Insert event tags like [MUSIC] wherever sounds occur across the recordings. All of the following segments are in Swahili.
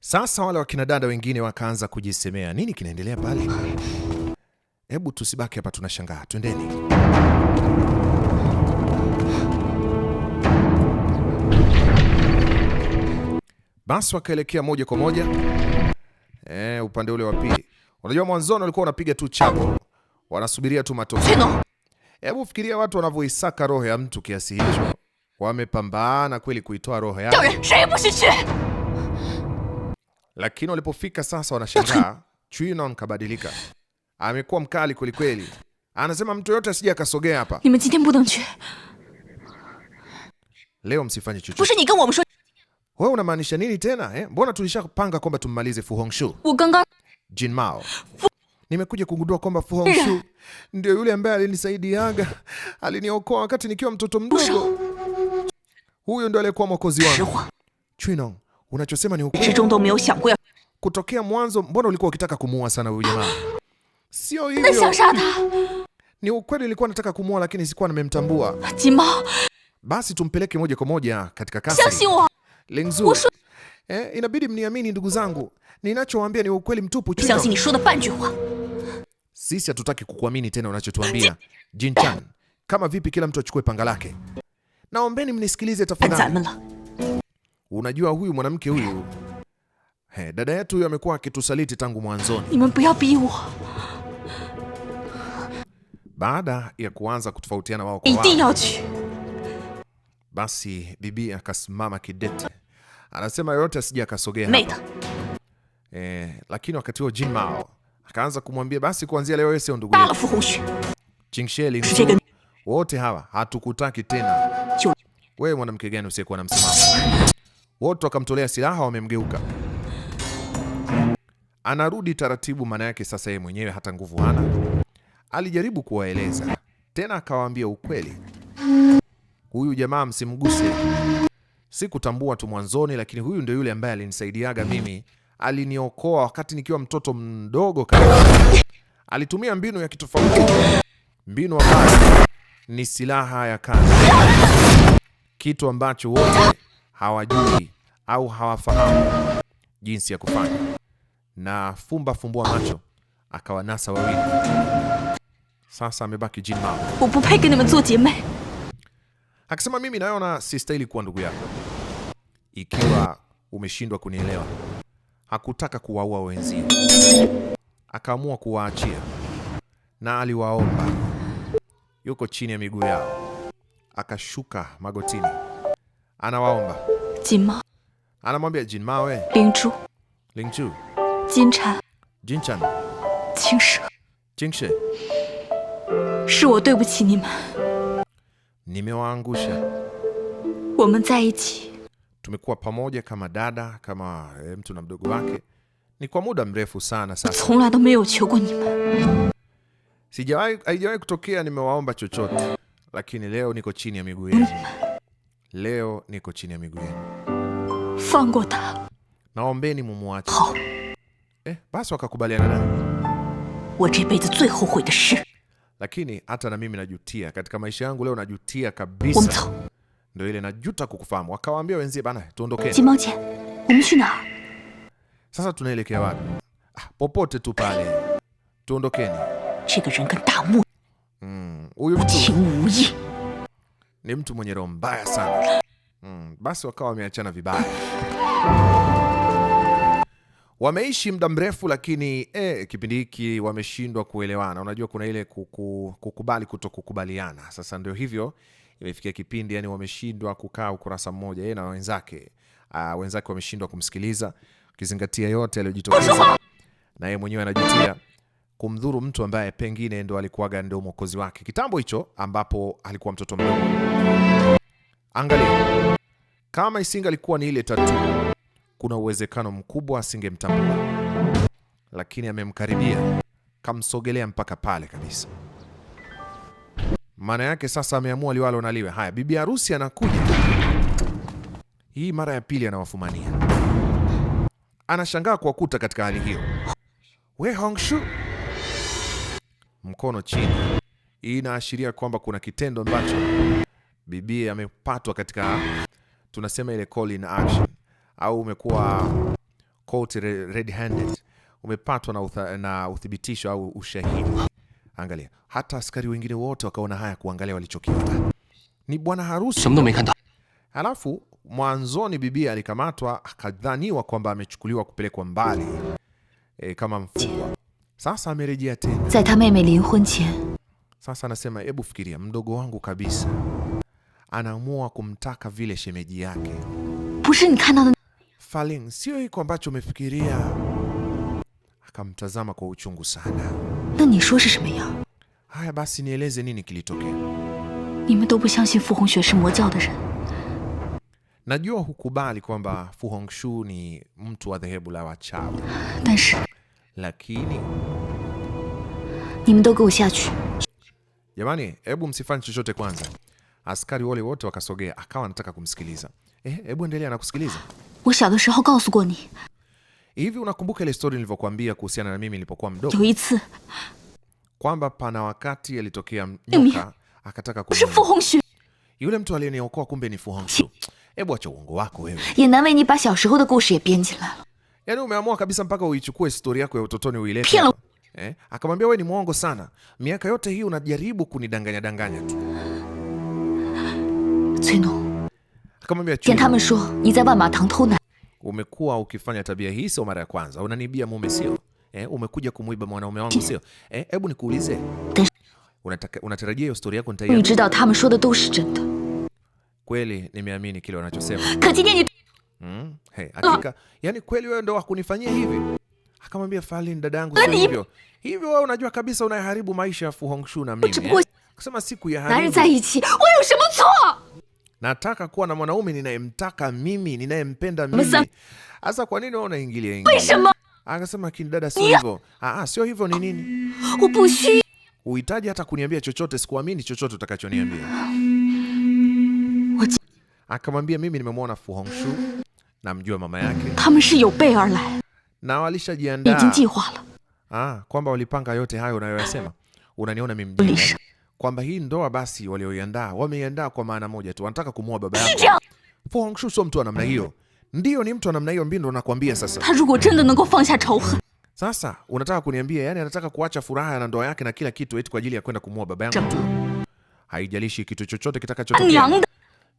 Sasa wale wakina dada wengine wakaanza kujisemea, nini kinaendelea pale? Hebu tusibaki hapa tunashangaa, twendeni. Basi wakaelekea moja kwa moja e, upande ule wa pili. Unajua mwanzoni walikuwa wanapiga tu chapo, wanasubiria tu matokeo. Hebu fikiria watu wanavyoisaka roho ya mtu kiasi hicho. Wamepambana kweli kuitoa roho yake, lakini walipofika sasa wanashangaa. Chwino kabadilika, amekuwa mkali kwelikweli. Anasema mtu yoyote asije akasogea hapa leo, msifanye chochote. Wewe unamaanisha nini tena eh? Mbona tulishapanga kwamba tummalize Fu Hongxue Jin Mao Fu Nimekuja kugundua kwamba Fu Hongxue [LAUGHS] ndio yule ambaye alinisaidiaga, aliniokoa wakati nikiwa mtoto mdogo. Huyu ndio aliyekuwa mwokozi wangu. Chino, unachosema ni ukweli. Kutokea mwanzo, mbona ulikuwa ukitaka kumuua sana huyu jamaa? Sio hivyo. Ni ukweli, nilikuwa nataka kumuua lakini sikuwa nimemtambua. Basi tumpeleke moja kwa moja katika kasi. Lingzu. Eh, inabidi mniamini ndugu zangu. Ninachowaambia ni ukweli mtupu. Chino. Sisi hatutaki kukuamini tena unachotuambia. Jinchan. kama vipi kila mtu achukue panga lake? Naombeni mnisikilize tafadhali. Unajua huyu mwanamke huyu, he, dada yetu huyu amekuwa akitusaliti tangu mwanzoni. Baada ya kuanza kutofautiana wao kwa wao, basi bibi akasimama kidete, anasema yote asije akasogea. Eh, lakini wakati huo Jin Mao akaanza kumwambia basi, kuanzia leo wewe sio ndugu yetu. Chingsheli, wote hawa hatukutaki tena. Wewe mwanamke gani usiyekuwa na msimamo? Wote wakamtolea silaha, wamemgeuka. Anarudi taratibu, maana yake sasa yeye mwenyewe hata nguvu hana. Alijaribu kuwaeleza tena, akawaambia ukweli, huyu jamaa msimguse. Sikutambua tu mwanzoni, lakini huyu ndio yule ambaye alinisaidiaga mimi aliniokoa wakati nikiwa mtoto mdogo kabisa. Alitumia mbinu ya kitofauti, mbinu ambayo ni silaha ya kazi, kitu ambacho wote hawajui au hawafahamu jinsi ya kufanya, na fumba fumbua macho akawanasa wawili. Sasa amebaki Jin akisema, mimi naona sistahili kuwa ndugu yako ikiwa umeshindwa kunielewa hakutaka kuwaua wenzio, akaamua kuwaachia na aliwaomba. Yuko chini ya miguu yao, akashuka magotini, anawaomba. Jinma anamwambia Jinmawe, we Lingchu, Lingchu, Jinchan, Jinchan, Jingshe, Jingshe, shi wo dui bu qi nimen, nimewaangusha. Women zaiiqi tumekuwa pamoja kama dada, kama eh, mtu na mdogo wake, ni kwa muda mrefu sana sasa. Sijawahi, haijawahi kutokea nimewaomba chochote, lakini leo niko chini ya miguu yenu. Leo niko chini ya miguu yenu, naombeni mumuache. Eh, basi wakakubaliana naye, lakini hata na mimi najutia katika maisha yangu leo, najutia kabisa ndio ile najuta kukufahamu. Akawaambia wenzie bana, tuondokeni. Sasa tunaelekea wapi? Ah, popote tu pale. Tuondokeni. Mm, huyu mtu ni mtu mwenye roho mbaya sana. Mm, basi wakawa wameachana vibaya. Wameishi muda mrefu lakini eh, kipindi hiki wameshindwa kuelewana. Unajua kuna ile kuku, kukubali kutokukubaliana. Sasa ndio hivyo imefikia kipindi yani wameshindwa kukaa ukurasa mmoja yeye na wenzake uh, wenzake wameshindwa kumsikiliza, ukizingatia yote aliyojitokeza na yeye mwenyewe anajutia kumdhuru mtu ambaye pengine ndo alikuwaga ndo mwokozi wake kitambo hicho ambapo alikuwa mtoto mdogo. Angalia, kama isinga alikuwa ni ile tatu, kuna uwezekano mkubwa asingemtambua, lakini amemkaribia, kamsogelea mpaka pale kabisa. Maana yake sasa ameamua liwalo na liwe. Haya, bibi harusi anakuja. Hii mara ya pili anawafumania, anashangaa kuwakuta katika hali hiyo. We Hongshu, mkono chini. Hii inaashiria kwamba kuna kitendo ambacho bibi amepatwa katika, tunasema ile call in action, au umekuwa caught red handed, umepatwa na, na uthibitisho au ushahidi Angalia, hata askari wengine wote wakaona haya kuangalia walichokiona. Ni bwana harusi. Halafu mwanzoni bibi alikamatwa akadhaniwa kwamba amechukuliwa kupelekwa mbali e, kama mfungwa. Sasa amerejea tena. Sasa anasema hebu fikiria, mdogo wangu kabisa anaamua kumtaka vile shemeji yake. Sio hiko ambacho umefikiria akamtazama kwa uchungu sana. na ni shuo shi seme ya? Haya basi, nieleze nini kilitokea. nimen dou bu fu hongxue shi mo jiao de ren. Najua hukubali kwamba Fu Hongxue ni mtu wa dhehebu la wachawi. Danshi. Lakini nimen dou ge wo xiachu. Jamani, hebu msifanye chochote kwanza. Askari wale wote wakasogea, akawa anataka kumsikiliza. Eh, hebu endelea na kusikiliza. wo xiao de shihou gaosu guo ni Hivi unakumbuka ile stori nilivyokuambia kuhusiana na mimi nilipokuwa mdogo, kwamba pana wakati alitokea nyoka akataka yule mtu aliyeniokoa kumbe ni Fu Hongxue. Hebu acha uongo wako wewe. Yaani umeamua kabisa mpaka uichukue stori yako ya utotoni uilete. Eh? Akamwambia wewe ni mwongo sana. Miaka yote hii unajaribu kunidanganya danganya tu. Akamwambia umekuwa ukifanya tabia hii, sio mara ya kwanza. Unanibia mume sio? Eh, umekuja kumuiba mwanaume wangu sio? Eh, hebu nikuulize, unatarajia hiyo stori yako kweli? Nimeamini kile wanachosema mm, hey, hakika. Yani kweli wewe ndo wakunifanyia hivi? Akamwambia Falin, dadangu, sio hivyo hivyo, wewe unajua kabisa unayeharibu maisha ya Fu Hongxue na mimi eh? akasema siku ya haribu nataka kuwa na mwanaume ninayemtaka mimi, ninayempenda mimi. Sasa kwa nini wewe unaingilia ingilia? Akasema kini dada, sio hivyo. Ah, ah, sio hivyo ni nini? Uhitaji hata kuniambia chochote, sikuamini chochote utakachoniambia. Akamwambia mimi nimemwona Fu Hongxue, namjua mama yake na walishajiandaa. Ah, kwamba walipanga yote hayo unayoyasema. Unaniona mimi mjinga kwamba hii ndoa basi walioiandaa wameiandaa kwa maana moja tu, wanataka kumuoa baba yao. Fu Hongxue sio mtu wa namna hiyo. Ndio, ni mtu wa namna hiyo, mbindo nakwambia sasa. Sasa unataka kuniambia yani anataka kuacha furaha na ndoa yake na kila kitu eti kwa ajili ya kwenda kumuoa baba yangu? Haijalishi kitu chochote kitakachotokea.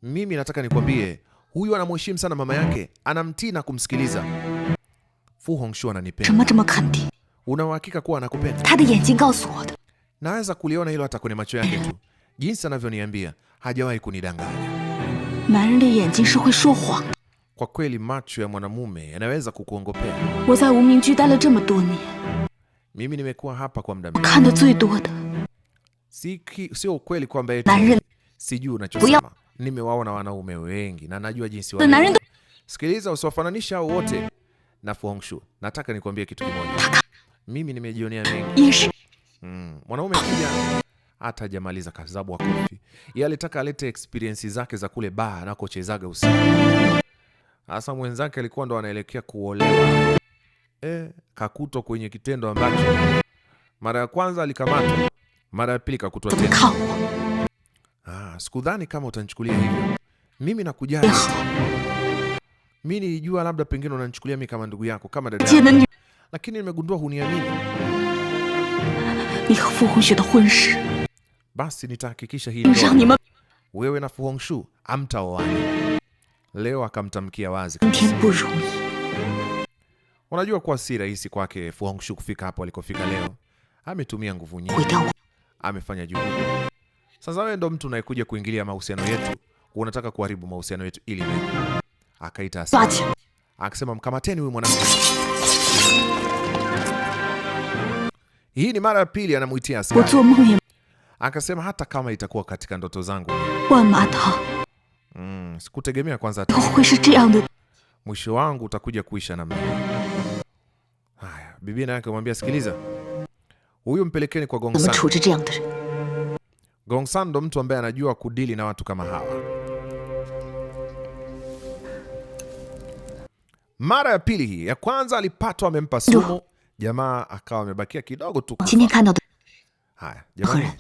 Mimi nataka nikwambie, huyu anamheshimu sana mama yake, anamtii na kumsikiliza. Fu Hongxue ananipenda. Una uhakika kuwa anakupenda? Naweza kuliona hilo hata kwenye macho yake tu, jinsi anavyoniambia hajawahi kunidanganya. Kwa kweli macho ya mwanamume yanaweza kukuongopea. Mimi nimekuwa hapa kwa muda mrefu, sio ukweli kwamba sijui unachosema. Nimewaona wanaume wengi na najua jinsi wao. Sikiliza, usiwafananisha hao wote na Fu Hongxue. Nataka nikuambie kitu kimoja, mimi nimejionea mengi Mm. Mwanaume kuja hata hajamaliza kazi zabu wa kofi. Yeye alitaka alete experience zake za kule baa anakochezaga usiku. Hasa mwenzake alikuwa ndo anaelekea kuolewa. Eh, kakutwa kwenye kitendo ambacho mara ya kwanza alikamatwa, mara ya pili kakutwa tena. Ah, sikudhani kama utanichukulia hivyo. Mimi nakujali. Mimi nilijua labda pengine unanichukulia mimi kama ndugu yako, kama dada yako. Lakini nimegundua huniamini basi nitahakikisha hii ndoa wewe na Fu Hongxue amtaoana. Leo akamtamkia wazi Unajua kuwa si rahisi kwake Fu Hongxue kufika hapo alikofika leo. Ametumia nguvu nyingi, amefanya juhudi. Sasa wewe ndo mtu unayekuja kuingilia mahusiano yetu, unataka kuharibu mahusiano yetu ili akaita, akasema mkamateni huyu mwanamke. Hii ni mara ya pili anamuitia askari. Akasema hata kama itakuwa katika ndoto zangu. Mm, sikutegemea kwanza Mwisho wangu utakuja kuisha na mimi. Haya, bibi naye akamwambia sikiliza. Huyu mpelekeni kwa Gongsan. Gongsan ndo mtu ambaye anajua kudili na watu kama hawa. Mara ya pili hii, ya kwanza alipatwa amempa sumu jamaa akawa amebakia kidogo tu. Haya jamani,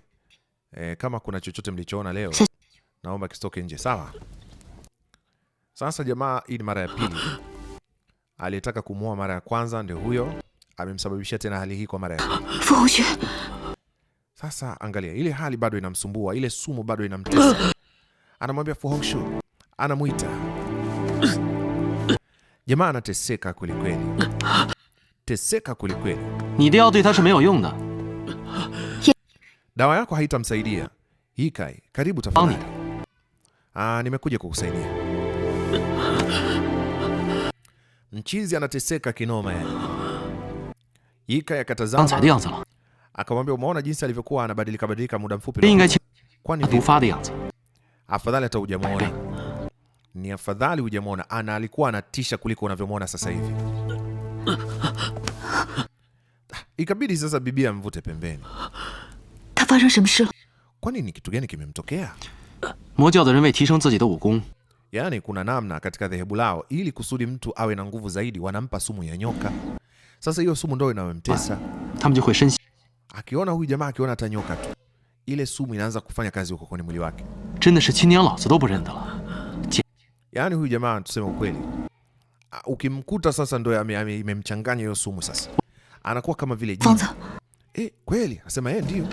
eh, kama kuna chochote mlichoona leo naomba kisitoke nje, sawa? Sasa jamaa, hii ni mara ya pili aliyetaka kumuoa mara ya kwanza ndio huyo, amemsababishia tena hali hii kwa mara ya pili. Sasa angalia, ile hali bado inamsumbua, ile sumu bado inamtesa. Anamwambia Fu Hongxue, anamuita jamaa, anateseka kwelikweli atateseka kwelikweli. Dawa yako haitamsaidia. Hikai, karibu tafadhali. Ah, nimekuja kukusaidia. Mchizi anateseka kinoma yani. Hikai akatazama. Akamwambia, umeona jinsi alivyokuwa anabadilika badilika muda mfupi. Kwani afadhali hata hujamuona. Ni afadhali hujamuona. Ana alikuwa anatisha kuliko unavyomuona sasa hivi. Ah, ikabidi sasa bibi amvute pembeni. Kwani ni kitu gani kimemtokea? Yaani kuna namna katika dhehebu lao, ili kusudi mtu awe na nguvu zaidi, wanampa sumu ya nyoka. Sasa hiyo sumu ndio inayomtesa. Akiona huyu jamaa, akiona hata nyoka tu, ile sumu inaanza kufanya kazi huko kwenye mwili wake. Yaani huyu jamaa tuseme ukweli ukimkuta sasa ndo imemchanganya hiyo sumu sasa, anakuwa kama vile jini. Eh, kweli anasema yeye ndio.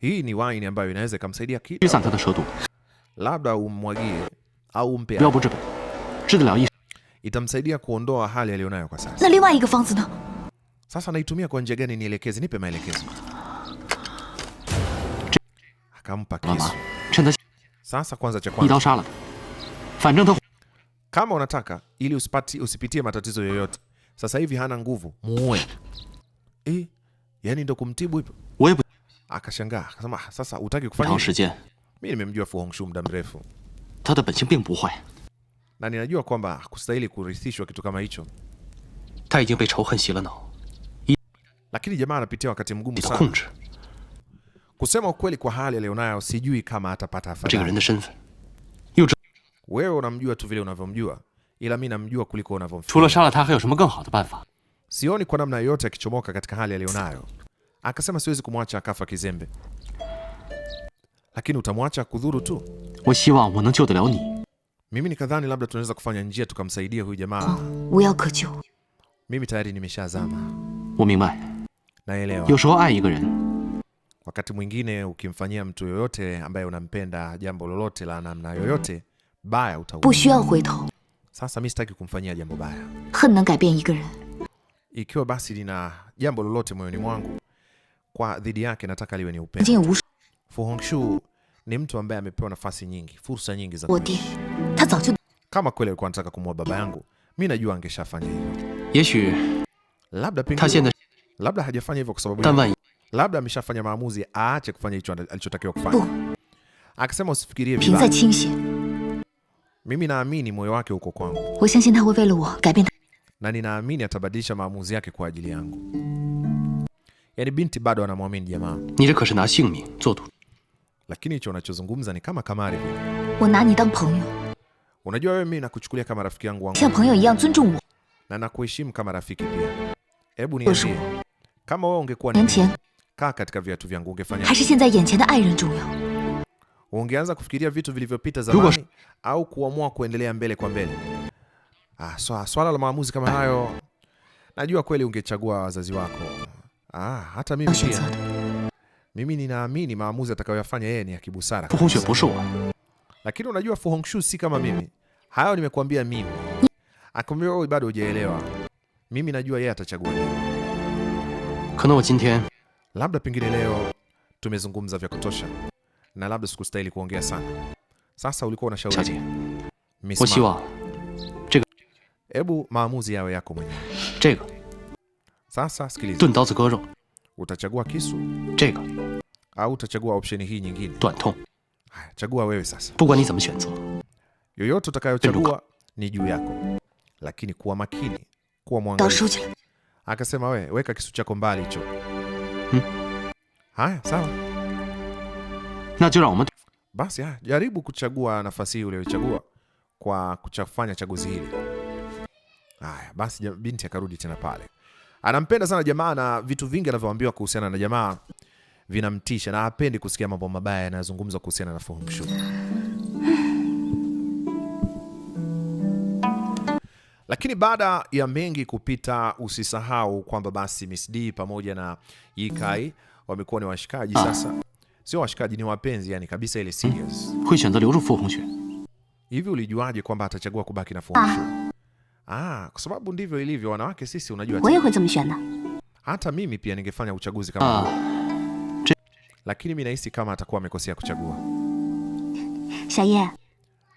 Hii ni wine ambayo inaweza kumsaidia kitu. Labda umwagie au umpe. Itamsaidia kuondoa hali aliyonayo kwa sasa. Na Sasa naitumia kwa njia gani? Nielekeze, nipe maelekezo. Akampa kisu. Mama. Sasa kwanza cha kwanza. Kama unataka ili usipati usipitie matatizo yoyote. Sasa hivi hana nguvu. Muue. Eh, yani ndo kumtibu hivyo? Wewe akashangaa, akasema ah, sasa utaki kufanya. Mimi nimemjua Fu Hongxue muda mrefu. Na ninajua kwamba kustahili kurithishwa kitu kama hicho. Lakini jamaa anapitia wakati mgumu sana. Kusema ukweli, kwa hali aliyonayo, sijui kama atapata afadhali. Wewe unamjua tu vile unavyomjua, ila mi namjua kuliko unavyomfikiria. Sioni kwa namna yoyote akichomoka katika hali aliyonayo. Akasema siwezi kumwacha akafa kizembe, lakini utamwacha kudhuru tu. Mimi nikadhani labda tunaweza kufanya njia tukamsaidia huyu jamaa. Ah, Mimi tayari nimeshazama. Naelewa. Wakati mwingine ukimfanyia mtu yoyote ambaye unampenda jambo lolote la namna yoyote mm. baya, utaona. Sasa mimi sitaki kumfanyia jambo baya. Ikiwa basi lina jambo lolote moyoni mwangu kwa dhidi yake, nataka liwe ni upendo. Fu Hongxue ni mtu ambaye amepewa nafasi nyingi, fursa nyingi za kuishi. Kama kweli alikuwa anataka kumua baba yangu, mimi najua angeshafanya hivyo. Labda pengine, labda hajafanya hivyo kwa sababu labda ameshafanya maamuzi aache kufanya hicho alichotakiwa kufanya. Akasema usifikirie vibaya. Mimi naamini moyo wake uko kwangu na ninaamini atabadilisha maamuzi yake kwa ajili yangu. Yani binti bado anamwamini jamaa. Lakini hicho unachozungumza ni kama kamari. Unajua wewe, mimi nakuchukulia kama rafiki yangu wangu. Na nakuheshimu kama rafiki pia. Hebu niambie, kama wewe ungekuwa ni Kaa katika viatu vyangu. Ungefanya ungeanza kufikiria vitu vilivyopita zamani au kuamua kuendelea mbele kwa mbele? Ah, swala la maamuzi kama hayo najua kweli ungechagua wazazi wako. Ah, hata mimi pia. Mimi ninaamini maamuzi atakayoyafanya yeye ni ya kibusara. Lakini unajua Fu Hongxue si kama mimi. Hayo nimekuambia mimi. Akamwambia wewe bado hujaelewa. Mimi najua yeye atachagua nini. Labda pengine leo tumezungumza vya kutosha na labda sikustahili kuongea sana. Sasa ulikuwa unashauri. Hebu maamuzi yawe yako mwenyewe. Sasa sikiliza. Utachagua kisu au utachagua option hii nyingine? Chagua wewe sasa. Yoyote utakayochagua ni juu yako, lakini kuwa makini, kuwa mwangalifu. Akasema weka kisu chako mbali hicho. Mm-hmm. Haya, sawa, basi haya, jaribu kuchagua nafasi hii uliyochagua kwa kuchafanya chaguzi hili. Haya basi, binti akarudi tena pale. Anampenda sana jamaa na vitu vingi anavyoambiwa kuhusiana na jamaa vinamtisha na hapendi kusikia mambo mabaya yanayozungumzwa kuhusiana na Fu Hongxue. Lakini baada ya mengi kupita, usisahau kwamba basi Miss D pamoja na Yikai wamekuwa ni washikaji ah. sasa, sio washikaji, ni wapenzi yani kabisa, ile hmm. serious. Hivi ulijuaje kwamba atachagua kubaki na Fu Hongxue? Ah. ah, kwa sababu ndivyo ilivyo wanawake sisi, unajua hata mimi pia ningefanya uchaguzi kama ah. huo. Lakini mimi nahisi kama atakuwa amekosea kuchagua. Ah,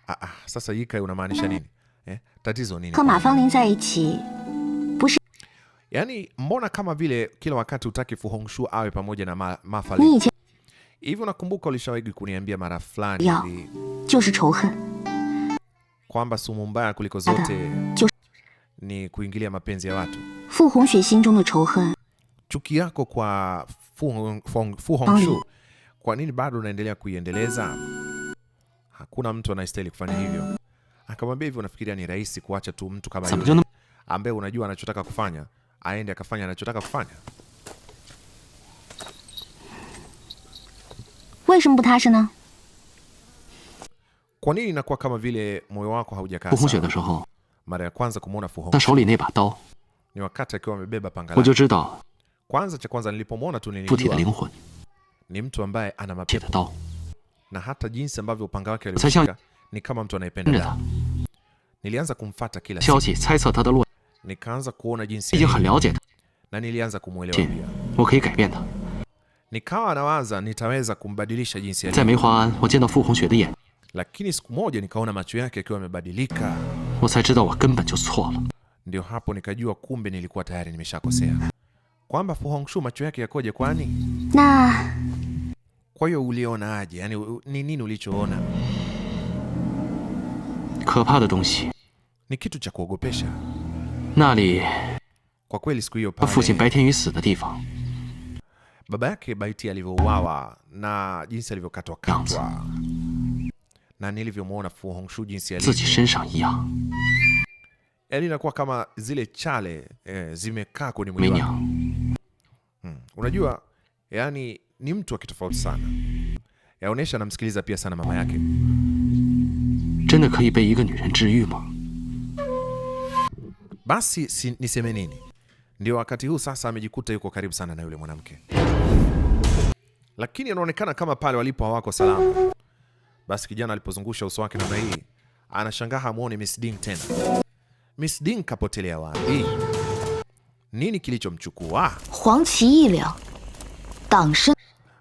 ah, Sasa Yikai, unamaanisha nini? eh, tatizo nini? Yani, mbona kama vile kila wakati utaki Fu Hongxue awe pamoja na Ma, Fangling hivi? Unakumbuka ulishawahi kuniambia mara fulani kwamba sumu mbaya kuliko zote ni kuingilia mapenzi ya watu. Fu Hongxue chuki yako kwa Fu Hongxue, kwa nini bado unaendelea kuiendeleza? Hakuna mtu anayestahili kufanya hivyo. Akamwambia, hivi unafikiria ni rahisi kuacha tu mtu kama yule ambaye unajua anachotaka kufanya aende akafanya anachotaka kufanya? Kwa nini inakuwa kama vile moyo wako haujakaa? Mara ya kwanza kumwona Fu Hongxue ni wakati akiwa amebeba panga lake. Kwanza cha kwanza nilipomwona tu nilijua ni mtu ambaye ana mapepo na hata jinsi ambavyo upanga wake alioshika ni kama mtu anayependa damu. Nilianza kumfata kila siku. Nikaanza kuona jinsi na nilianza kumwelewa pia. Nikawa nawaza nitaweza kumbadilisha jinsi yake. Lakini siku moja nikaona macho yake yakiwa yamebadilika. Ndio hapo nikajua kumbe nilikuwa tayari nimeshakosea. Kwamba Fu Hongxue macho yake yakoje kwani? Na. Kwa hiyo aje? Yani ni nini ulichoona? 可怕的东西，ni kitu cha yake Baiti alivyouawa na jinsi alivyokatwa katwa na nilivyomwona Fu Hongxue jinsi inakuwa kama zile chale eh, zimekaa kwenye mwili 梅 wake. yani ni mtu wa kitofauti sana, yaonesha anamsikiliza pia sana mama yake. 真的可以被一个女人治愈吗？Basi si, niseme nini? Ndio wakati huu sasa amejikuta yuko karibu sana na yule mwanamke, lakini anaonekana kama pale walipo hawako salama. Basi kijana alipozungusha uso wake namna hii, anashangaa hamuoni Miss Ding tena. Miss Ding kapotelea wapi? Nini kilichomchukua?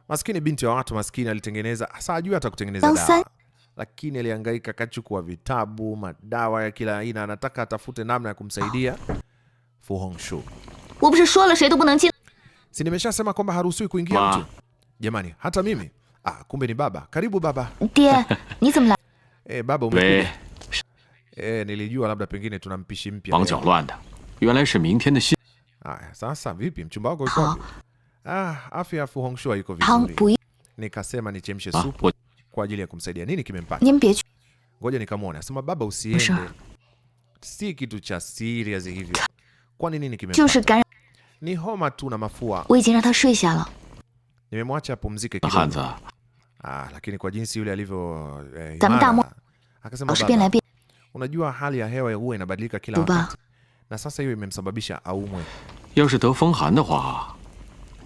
Maskini binti wa watu maskini alitengeneza, hasa ajui hata kutengeneza dawa lakini alihangaika, kachukua vitabu, madawa ya kila aina, anataka atafute namna ya kumsaidia Fu Hongxue. Si nimeshasema kwamba haruhusiwi kuingia mtu? Jamani, hata mimi ah, kumbe ni baba. Karibu baba. [LAUGHS] Eh, baba umekuja. Eh, nilijua labda pengine tuna mpishi mpya. Ah, sasa vipi mchumba wako yuko Ah, ah afya ya Fu Hongxue iko vizuri. Nikasema nichemshe ah, supu. Ah, kwa ajili ya kumsaidia. Nini kimempata? Ngoja nikamwona. Sema baba, usiende. Si kitu cha serious hivyo. Kwani nini kimempata? Ni homa tu na mafua. Nimemwacha apumzike kidogo. Ah, lakini kwa jinsi yule alivyo eh, Akasema baba, unajua hali ya hewa huwa inabadilika kila wakati. Na sasa hiyo imemsababisha aumwe. Yao shi de fenghan de hua,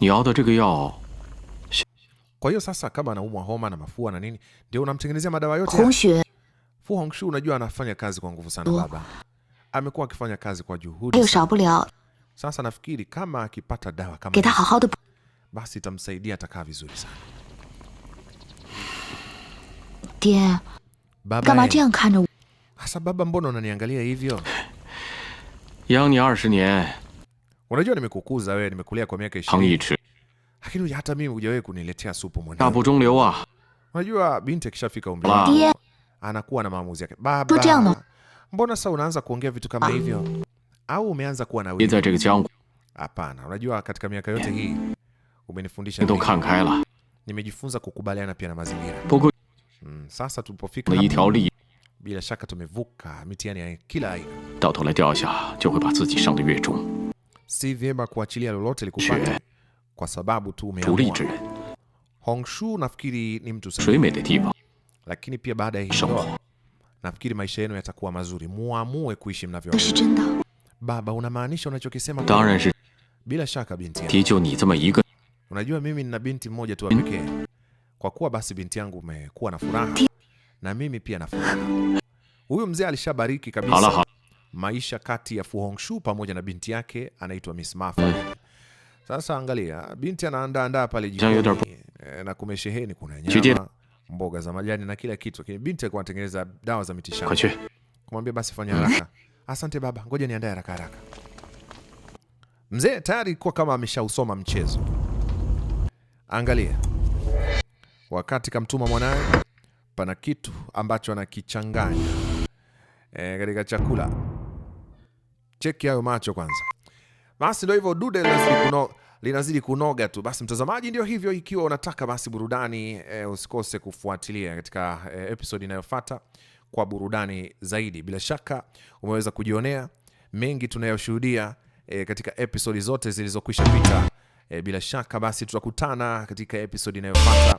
ni yao de zhe ge yao kwa hiyo sasa kama anaumwa homa na mafua na nini, ndio unamtengenezea madawa yote. Fu Hongxue unajua anafanya kazi kwa nguvu sana baba. Amekuwa akifanya kazi kwa juhudi. Sasa nafikiri kama akipata dawa kama basi itamsaidia atakaa vizuri sana. hasa baba, mbona unaniangalia hivyo? Unajua nimekukuza wewe, nimekulea kwa miaka ishirini. Lakini hata mimi hujawahi kuniletea supu mwanangu. Unajua binti akishafika umri anakuwa na maamuzi yake. Baba, mbona sasa unaanza kuongea vitu kama ah. hivyo? Au umeanza kuwa na wivu? Hapana, unajua katika miaka yote hii umenifundisha nini? Nimejifunza kukubaliana pia na mazingira. Mm, sasa tulipofika bila shaka tumevuka mitihani ya kila aina. Si vyema kuachilia lolote likupata kwa sababu tu umeamua. Hongshu nafikiri ni mtu sahihi. Lakini pia baada ya hiyo nafikiri maisha yenu yatakuwa mazuri, muamue kuishi mnavyo. Baba, unamaanisha unachokisema? Bila shaka binti yangu. Unajua mimi nina binti mmoja tu pekee. Kwa kuwa basi binti yangu umekuwa na furaha na mimi pia na furaha. Huyu mzee alishabariki kabisa maisha kati ya Fu Hongxue pamoja na binti yake anaitwa Miss Mafa. Sasa angalia, binti anaandaandaa pale jikoni eh, na kumesheheni, kuna nyama, mboga za majani na kila kitu, lakini binti alikuwa anatengeneza dawa za mitishamba. Kumwambia basi fanya haraka. [LAUGHS] Asante baba, ngoja niandae haraka haraka. Mzee tayari kuwa kama ameshausoma mchezo. Angalia, wakati kamtuma mwanaye, pana kitu ambacho anakichanganya e, katika chakula. Cheki hayo macho kwanza. Basi ndio hivyo, dude linazidi kunoga, linazidi kunoga tu. Basi mtazamaji, ndio hivyo, ikiwa unataka basi burudani e, usikose kufuatilia katika e, episode inayofuata kwa burudani zaidi. Bila shaka umeweza kujionea mengi tunayoshuhudia e, katika episode zote zilizokwisha pita. E, bila shaka basi tutakutana katika episode inayofuata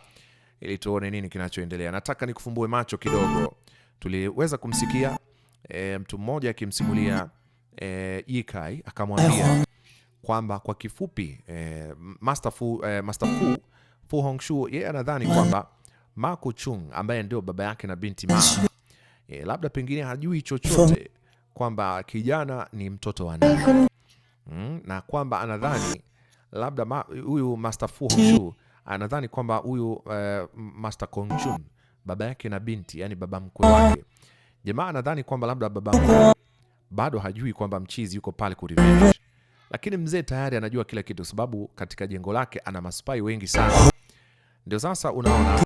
ili tuone nini kinachoendelea. Nataka nikufumbue macho kidogo. Tuliweza kumsikia e, mtu mmoja akimsimulia eh, Yikai akamwambia kwamba kwa kifupi eh, Master Fu, eh, Master Fu, Fu Hongxue yeye anadhani kwamba Ma Kongqun ambaye ndio baba yake na binti Ma eh, labda pengine hajui chochote kwamba kijana ni mtoto wa nani mm, na kwamba anadhani labda huyu ma, Master Fu Hongxue anadhani kwamba huyu eh, Master Kongqun baba yake na binti, yani baba mkwe wake. Jamaa anadhani kwamba labda baba mkwe bado hajui kwamba mchizi yuko pale ku revenge lakini mzee tayari anajua kila kitu, sababu katika jengo lake ana maspai wengi sana. Ndio sasa unaona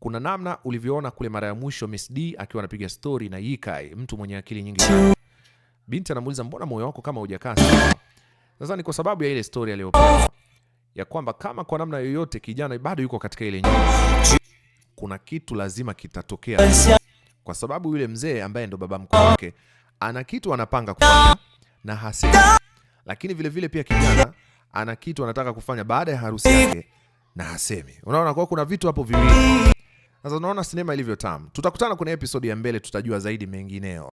kuna namna ulivyoona kule mara ya mwisho Miss D akiwa anapiga story na Yikai, mtu mwenye akili nyingi sana. Binti anamuuliza mbona moyo wako kama hujakaa sawa? Sasa ni kwa sababu ya ile story aliyopewa ya kwamba kama kwa namna yoyote kijana bado yuko katika ile nyumba, kuna kitu lazima kitatokea, kwa sababu yule mzee ambaye ndo baba mkuu wake ana kitu anapanga kufanya na hasira lakini vilevile vile pia kijana ana kitu anataka kufanya baada ya harusi yake na hasemi. Unaona, kwa kuna vitu hapo viwili. Sasa unaona sinema ilivyo tamu. Tutakutana kwenye episodi ya mbele, tutajua zaidi mengineo.